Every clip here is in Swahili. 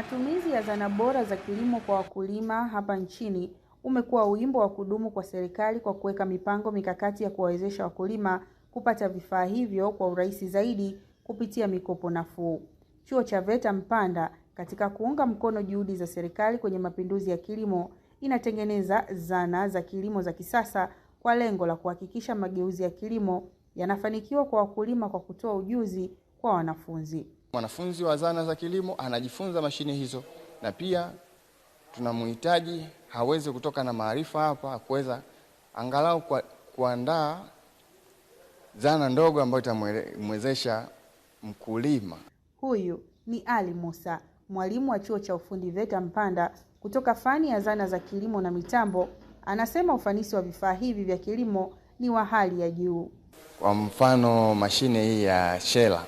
Matumizi ya zana bora za kilimo kwa wakulima hapa nchini umekuwa wimbo wa kudumu kwa serikali kwa kuweka mipango mikakati ya kuwawezesha wakulima kupata vifaa hivyo kwa urahisi zaidi kupitia mikopo nafuu. Chuo cha VETA Mpanda katika kuunga mkono juhudi za serikali kwenye mapinduzi ya kilimo inatengeneza zana za kilimo za kisasa kwa lengo la kuhakikisha mageuzi ya kilimo yanafanikiwa kwa wakulima kwa kutoa ujuzi kwa wanafunzi. Mwanafunzi wa zana za kilimo anajifunza mashine hizo, na pia tunamhitaji hawezi kutoka na maarifa hapa kuweza angalau kuandaa zana ndogo ambayo itamwezesha mkulima. Huyu ni Ali Musa, mwalimu wa chuo cha ufundi VETA Mpanda kutoka fani ya zana za kilimo na mitambo, anasema ufanisi wa vifaa hivi vya kilimo ni wa hali ya juu. Kwa mfano mashine hii ya shela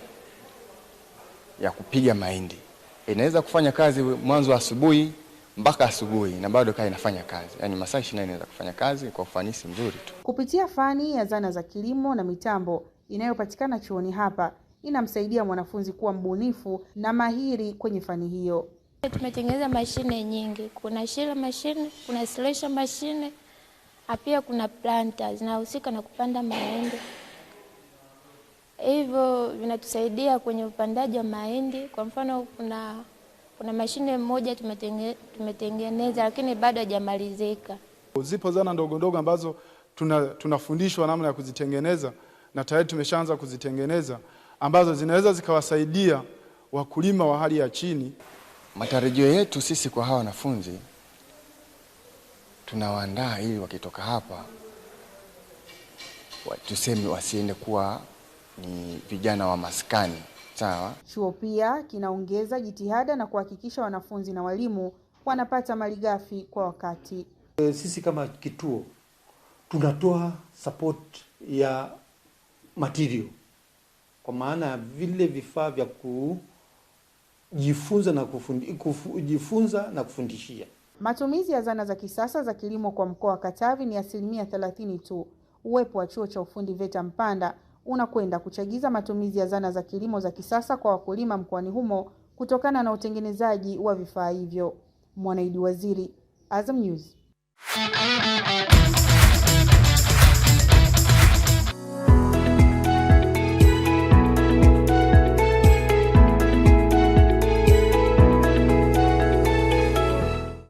ya kupiga mahindi inaweza kufanya kazi mwanzo asubuhi mpaka asubuhi na bado kaa inafanya kazi, yaani masaa 24 inaweza kufanya kazi kwa ufanisi mzuri tu. Kupitia fani ya zana za kilimo na mitambo inayopatikana chuoni hapa inamsaidia mwanafunzi kuwa mbunifu na mahiri kwenye fani hiyo. Tumetengeneza mashine nyingi, kuna shila mashine, kuna slasher mashine, pia kuna planta zinahusika na kupanda mahindi. Hivyo vinatusaidia kwenye upandaji wa mahindi. Kwa mfano, kuna kuna mashine moja tumetenge, tumetengeneza lakini bado hajamalizika. Zipo zana ndogo ndogo ambazo tunafundishwa namna ya kuzitengeneza na tayari tumeshaanza kuzitengeneza ambazo zinaweza zikawasaidia wakulima wa hali ya chini. Matarajio yetu sisi kwa hawa wanafunzi tunawaandaa ili wakitoka hapa tuseme wasiende kuwa ni vijana wa maskani. Sawa. Chuo pia kinaongeza jitihada na kuhakikisha wanafunzi na walimu wanapata malighafi kwa wakati. E, sisi kama kituo tunatoa support ya material kwa maana ya vile vifaa vya kujifunza na kufundi, kujifunza na kufundishia. Matumizi ya zana za kisasa za kilimo kwa mkoa wa Katavi ni asilimia 30 tu. Uwepo wa chuo cha ufundi VETA Mpanda unakwenda kuchagiza matumizi ya zana za kilimo za kisasa kwa wakulima mkoani humo kutokana na utengenezaji wa vifaa hivyo. Mwanaidi Waziri, Azam News.